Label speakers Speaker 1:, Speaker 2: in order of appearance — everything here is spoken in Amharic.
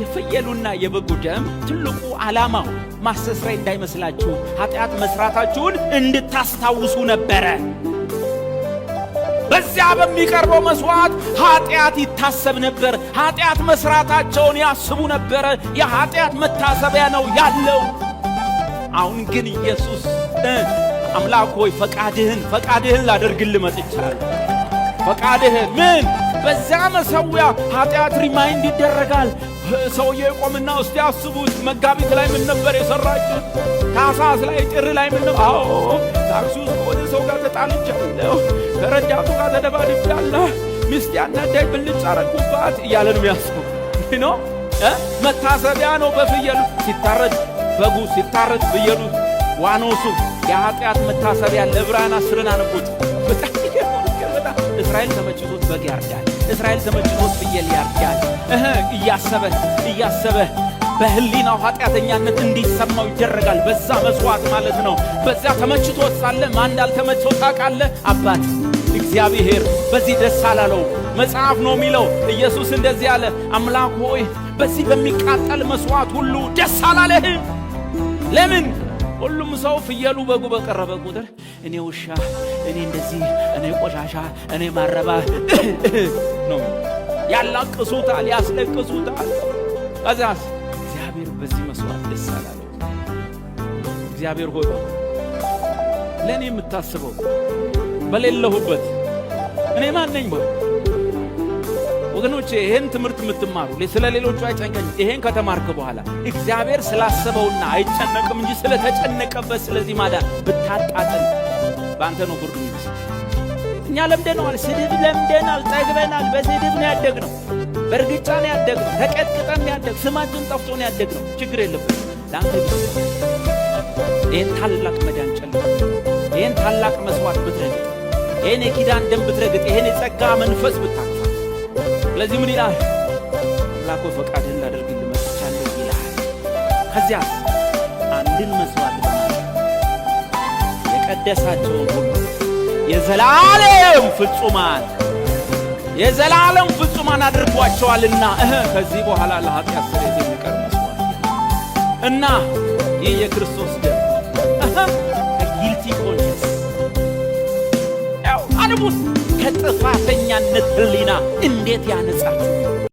Speaker 1: የፍየሉና የበጉ ደም ትልቁ ዓላማው ማስተስረይ እንዳይመስላችሁ ኃጢአት መስራታችሁን እንድታስታውሱ ነበረ። በዚያ በሚቀርበው መሥዋዕት ኃጢአት ይታሰብ ነበር። ኃጢአት መስራታቸውን ያስቡ ነበረ። የኃጢአት መታሰቢያ ነው ያለው። አሁን ግን ኢየሱስ አምላክ ሆይ ፈቃድህን ፈቃድህን ላደርግልህ መጥቻለሁ። ፈቃድህን ምን በዚያ መሠዊያ ኃጢአት ሪማይንድ ይደረጋል። ሰውዬ ቆምና እስቲ አስቡ። መጋቢት ላይ ምን ነበር የሰራችን? ታሳስ ላይ ጥር ላይ ምን ነበር? አዎ ታክሲ ውስጥ ከሆነ ሰው ጋር ተጣልቻለሁ፣ ከረዳቱ ጋር ተደባድቤያለሁ፣ ሚስት ያናዳይ ብልጭ አረግኩባት እያለ ነው ያስቡ ነው መታሰቢያ ነው። በፍየሉ ሲታረድ በጉ ሲታረድ ፍየሉ ዋኖሱ የኃጢአት መታሰቢያ ለዕብራውያን አስርን አነቦት በጣም እስራኤል ተመችቶት በግ ያርዳል። እስራኤል ተመችቶት ፍየል ያርዳል። እያሰበ እያሰበ በህሊናው ኃጢአተኛነት እንዲሰማው ይደረጋል። በዛ መስዋዕት ማለት ነው። በዚያ ተመችቶት ሳለ ማን እንዳልተመቸው ታውቃለህ? አባት እግዚአብሔር በዚህ ደስ አላለው። መጽሐፍ ነው የሚለው። ኢየሱስ እንደዚህ አለ፣ አምላክ ሆይ በዚህ በሚቃጠል መስዋዕት ሁሉ ደስ አላለህም። ለምን? ሁሉም ሰው ፍየሉ በጉ በቀረበ ቁጥር እኔ ውሻ፣ እኔ እንደዚህ፣ እኔ ቆሻሻ፣ እኔ ማረባ ነው። ያላቅሱታል፣ ያስለቅሱታል። ከዚያስ እግዚአብሔር በዚህ መስዋዕት ደስ አላለው። እግዚአብሔር ሆይ ለእኔ የምታስበው በሌለሁበት እኔ ማን ነኝ ወገኖች ይህን ትምህርት የምትማሩ ስለ ሌሎቹ አይጨንቀኝ። ይሄን ከተማርክ በኋላ እግዚአብሔር ስላሰበውና አይጨነቅም እንጂ ስለተጨነቀበት ስለዚህ ማዳን ብታጣጥል በአንተ ነው ፍርዱ ይመስል እኛ ለምደነዋል። ስድብ ለምደናል፣ ጠግበናል። በስድብ ነው ያደግነው፣ በእርግጫ ነው ያደግነው፣ ተቀጥቅጠን ነው ያደግነው፣ ስማችን ጠፍቶ ነው ያደግነው። ችግር የለብን። ለአንተ ይህን ታላቅ መዳን ጨለ ይህን ታላቅ መስዋዕት ብትረግጥ፣ ይህን የኪዳን ደም ብትረግጥ፣ ይህን የጸጋ መንፈስ ብታቅፋ፣ ስለዚህ ምን ይላል? አምላኮ ፈቃድህን ላደርግ ልመጥቻለሁ ይላል። ከዚያ አንድን መስዋዕት የቀደሳቸውን ሁሉ የዘላለም ፍጹማን የዘላለም ፍጹማን አድርጓቸዋልና እህ ከዚህ በኋላ ለኃጢአት ስርየት የሚቀር መስዋዕት እና ይህ የክርስቶስ ደም ከጊልቲ ኮንሽንስ ያው አንቡን ከጥፋተኛነት ህሊና እንዴት ያነጻቸው